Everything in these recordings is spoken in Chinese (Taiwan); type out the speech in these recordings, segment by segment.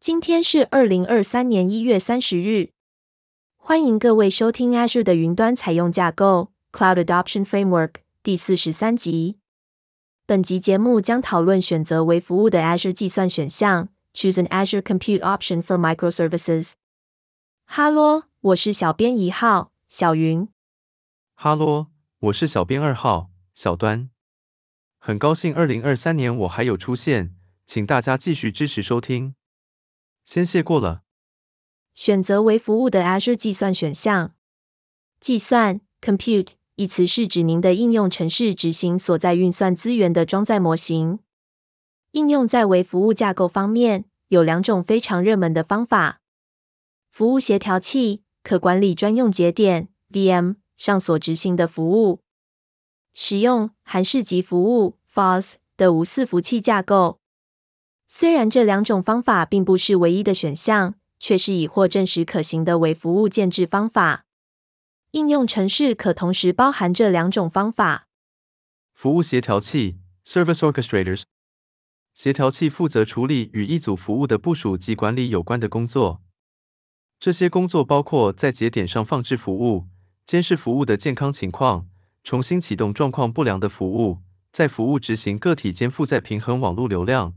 今天是二零二三年一月三十日，歡迎各位收聽 Azure 的雲端採用架構 Cloud Adoption Framework 第四十三集。本集節目將討論選擇微服務的 Azure 計算選項，Choose an Azure Compute Option for Microservices。哈嘍，我是小編一號小雲。哈嘍，我是小編二號小端。很高興二零二三年我還有出現，請大家繼續支持收聽。先謝過了。選擇微服務的 Azure 計算選項。計算 （compute） 一詞是指您的應用程式執行所在運算資源的裝載模型。應用在微服務架構方面，有兩種非常熱門的方法：服務協調器可管理專用節點 （VM） 上所執行的服務，使用函式即服務 （FaaS） 的無伺服器架構。雖然這兩種方法並不是唯一的選項，卻是已獲證實可行的微服務建置方法。應用程式可同時包含這兩種方法。服務協調器 （Service Orchestrators） 協調器負責處理與一組服務的部署及管理有關的工作。這些工作包括在節點上放置服務、監視服務的健康情況、重新啟動狀況不良的服務、在服務執行個體間負載平衡網絡流量。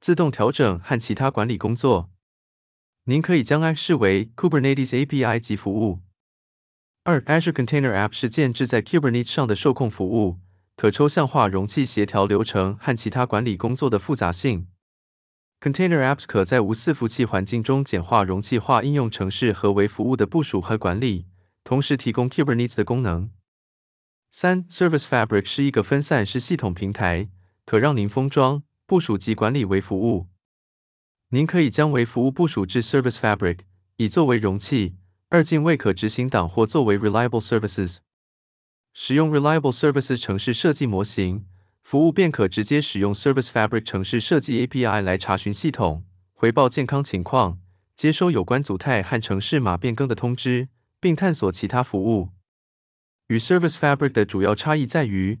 自動調整和其他管理工作，您可以將 APP 視為 Kubernetes API 及服務。二、Azure Container Apps 是建置在 Kubernetes 上的受控服務，可抽象化容器協調流程和其他管理工作的複雜性。Container Apps 可在無伺服器環境中簡化容器化應用程式和微服務的部署和管理，同時提供 Kubernetes 的功能。三、Service Fabric 是一個分散式系統平台，可讓您封裝。部署及管理微服務，您可以將微服務部署至 Service Fabric，以作為容器，二進位可執行檔或作為 Reliable Services。使用 Reliable Services 程式設計模型，服務便可直接使用 Service Fabric 程式設計 API 來查詢系統，回報健康情況，接收有關組態和程式碼變更的通知，並探索其他服務。與 Service Fabric 的主要差異在於。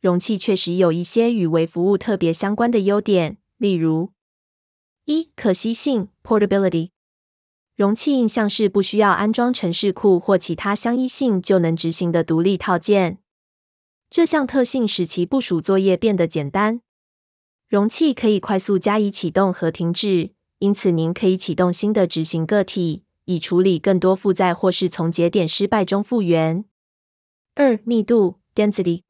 容器確實有一些與微服務特別相關的優點，例如：一、可攜性 （portability）。容器映像是不需要安裝程式庫或其他相依性就能執行的獨立套件。這項特性使其部署作業變得簡單。容器可以快速加以啟動和停止，因此您可以啟動新的執行個體，以處理更多負載或是從節點失敗中復原。二、密度 （density）。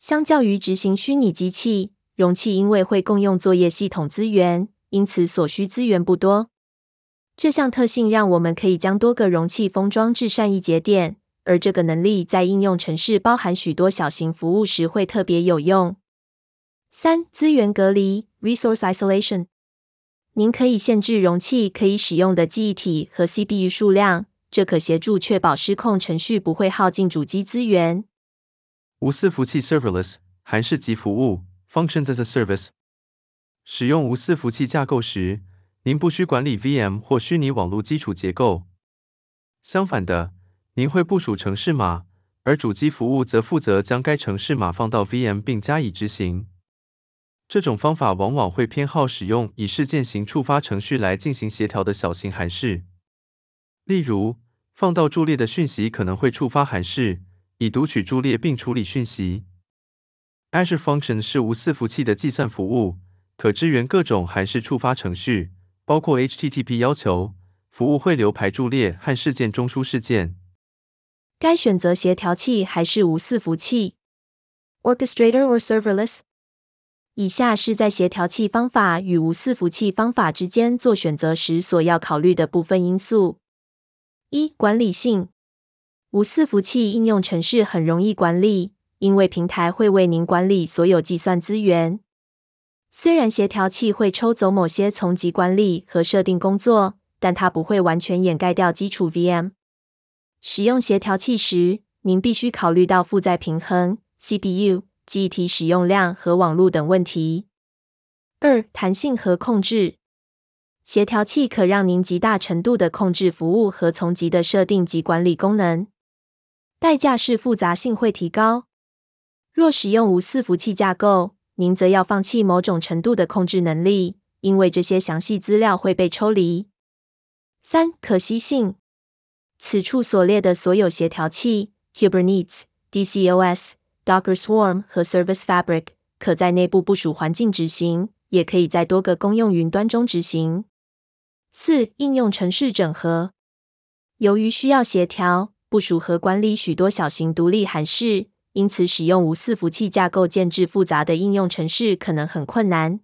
相較於執行虛擬機器，容器因為會共用作業系統資源，因此所需資源不多。這項特性讓我們可以將多個容器封裝至單一節點，而這個能力在應用程式包含許多小型服務時會特別有用。三、資源隔離 （Resource Isolation）。您可以限制容器可以使用的記憶體和 CPU 數量，這可協助確保失控程序不會耗盡主機資源。無伺服器 （Serverless） 函數即服務 （Functions as a Service）。使用無伺服器架構時，您不需管理 VM 或虛擬網絡基礎結構。相反的，您會部署程式碼，而主機服務則負責將該程式碼放到 VM 並加以執行。這種方法往往會偏好使用以事件型觸發程序來進行協調的小型函數。例如，放到佇列的訊息可能會觸發函數。以讀取佇列並處理訊息。Azure Functions 是無伺服器的計算服務，可支援各種函數觸發程序，包括 HTTP 要求、服務匯流排佇列和事件中樞事件。該選擇協調器還是無伺服器？Orchestrator or serverless？以下是在協調器方法與無伺服器方法之間做選擇時所要考慮的部分因素：一、管理性。無伺服器應用程式很容易管理，因為平台會為您管理所有計算資源。雖然協調器會抽走某些層級管理和設定工作，但它不會完全掩蓋掉基礎 VM。使用協調器時，您必須考慮到負載平衡、CPU、記憶體使用量和網絡等問題。二、彈性和控制。協調器可讓您極大程度的控制服務和層級的設定及管理功能。代價是複雜性會提高。若使用無伺服器架構，您則要放棄某種程度的控制能力，因為這些詳細資料會被抽離。三、可攜性。此處所列的所有協調器 （Kubernetes、Hubernets, DCOS、Docker Swarm 和 Service Fabric） 可在內部部署環境執行，也可以在多個公用雲端中執行。四、應用程式整合。由於需要協調。部署和管理許多小型獨立函式，因此使用無伺服器架構建置複雜的應用程式可能很困難。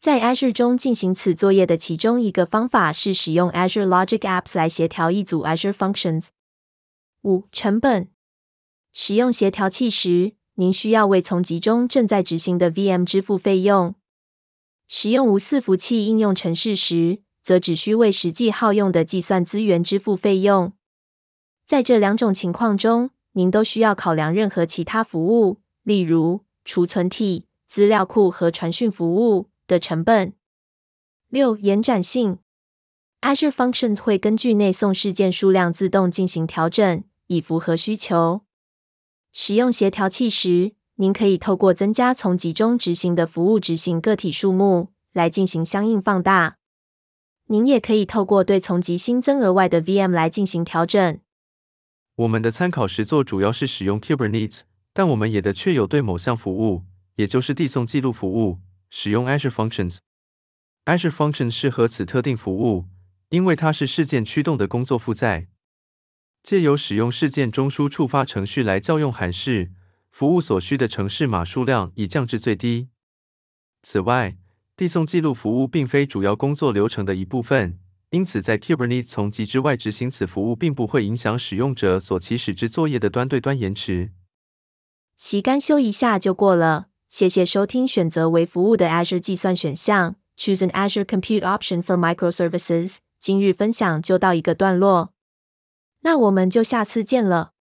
在 Azure 中進行此作業的其中一個方法是使用 Azure Logic Apps 來協調一組 Azure Functions。五、成本。使用協調器時，您需要為叢集中正在執行的 VM 支付費用。使用無伺服器應用程式時，則只需為實際耗用的計算資源支付費用。在這兩種情況中，您都需要考量任何其他服務，例如儲存體、資料庫和傳訊服務的成本。六、延展性。Azure Functions 會根據內送事件數量自動進行調整，以符合需求。使用協調器時，您可以透過增加叢集中執行的服務執行個體數目來進行相應放大。您也可以透過對叢集新增額外的 VM 來進行調整。我們的參考實作主要是使用 Kubernetes，但我們也的確有對某項服務，也就是遞送記錄服務，使用 Azure Functions。Azure Functions 適合此特定服務，因為它是事件驅動的工作負載。借由使用事件中樞觸發程序來叫用函式，服務所需的程式碼數量已降至最低。此外，遞送記錄服務並非主要工作流程的一部分。因此，在 Kubernetes 叢集之外執行此服務，並不會影響使用者所起始之作業的端對端延遲。洗乾修一下就過了，謝謝收聽。選擇微服務的 Azure 計算選項，Choose an Azure Compute Option for Microservices。今日分享就到一個段落，那我們就下次見了。